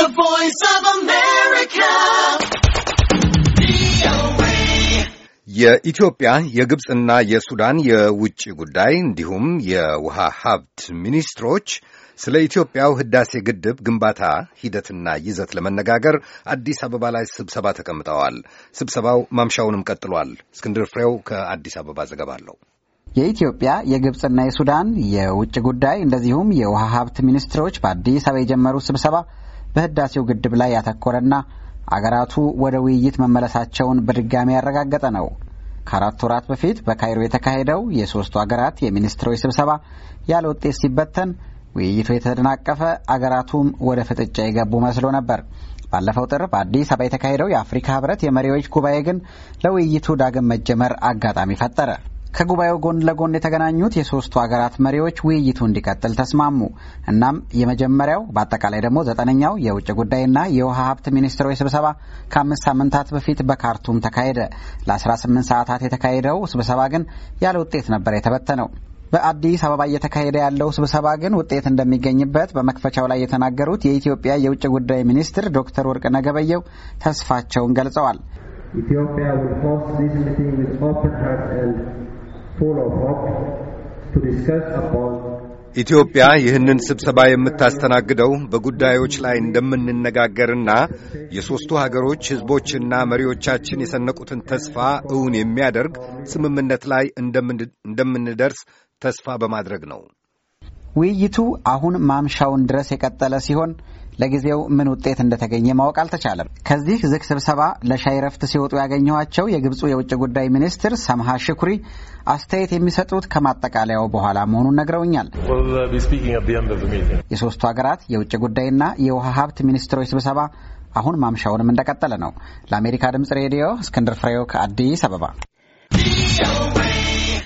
The Voice of America. የኢትዮጵያ የግብፅና የሱዳን የውጭ ጉዳይ እንዲሁም የውሃ ሀብት ሚኒስትሮች ስለ ኢትዮጵያው ህዳሴ ግድብ ግንባታ ሂደትና ይዘት ለመነጋገር አዲስ አበባ ላይ ስብሰባ ተቀምጠዋል። ስብሰባው ማምሻውንም ቀጥሏል። እስክንድር ፍሬው ከአዲስ አበባ ዘገባ አለው። የኢትዮጵያ የግብፅና የሱዳን የውጭ ጉዳይ እንደዚሁም የውሃ ሀብት ሚኒስትሮች በአዲስ አበባ የጀመሩት ስብሰባ በህዳሴው ግድብ ላይ ያተኮረና አገራቱ ወደ ውይይት መመለሳቸውን በድጋሚ ያረጋገጠ ነው። ከአራት ወራት በፊት በካይሮ የተካሄደው የሦስቱ አገራት የሚኒስትሮች ስብሰባ ያለ ውጤት ሲበተን ውይይቱ የተደናቀፈ አገራቱም ወደ ፍጥጫ የገቡ መስሎ ነበር። ባለፈው ጥር በአዲስ አበባ የተካሄደው የአፍሪካ ህብረት የመሪዎች ጉባኤ ግን ለውይይቱ ዳግም መጀመር አጋጣሚ ፈጠረ። ከጉባኤው ጎን ለጎን የተገናኙት የሶስቱ ሀገራት መሪዎች ውይይቱ እንዲቀጥል ተስማሙ። እናም የመጀመሪያው በአጠቃላይ ደግሞ ዘጠነኛው የውጭ ጉዳይና የውሃ ሀብት ሚኒስትሮች ስብሰባ ከአምስት ሳምንታት በፊት በካርቱም ተካሄደ። ለ18 ሰዓታት የተካሄደው ስብሰባ ግን ያለ ውጤት ነበር የተበተነው። በአዲስ አበባ እየተካሄደ ያለው ስብሰባ ግን ውጤት እንደሚገኝበት በመክፈቻው ላይ የተናገሩት የኢትዮጵያ የውጭ ጉዳይ ሚኒስትር ዶክተር ወርቅነህ ገበየሁ ተስፋቸውን ገልጸዋል። ኢትዮጵያ ይህንን ስብሰባ የምታስተናግደው በጉዳዮች ላይ እንደምንነጋገርና የሦስቱ ሀገሮች ሕዝቦችና መሪዎቻችን የሰነቁትን ተስፋ እውን የሚያደርግ ስምምነት ላይ እንደምንደርስ ተስፋ በማድረግ ነው። ውይይቱ አሁን ማምሻውን ድረስ የቀጠለ ሲሆን ለጊዜው ምን ውጤት እንደተገኘ ማወቅ አልተቻለም። ከዚህ ዝግ ስብሰባ ለሻይ ረፍት ሲወጡ ያገኘኋቸው የግብፁ የውጭ ጉዳይ ሚኒስትር ሰምሃ ሽኩሪ አስተያየት የሚሰጡት ከማጠቃለያው በኋላ መሆኑን ነግረውኛል። uh, የሶስቱ ሀገራት የውጭ ጉዳይና የውሃ ሀብት ሚኒስትሮች ስብሰባ አሁን ማምሻውንም እንደቀጠለ ነው። ለአሜሪካ ድምጽ ሬዲዮ እስክንድር ፍሬው ከአዲስ አበባ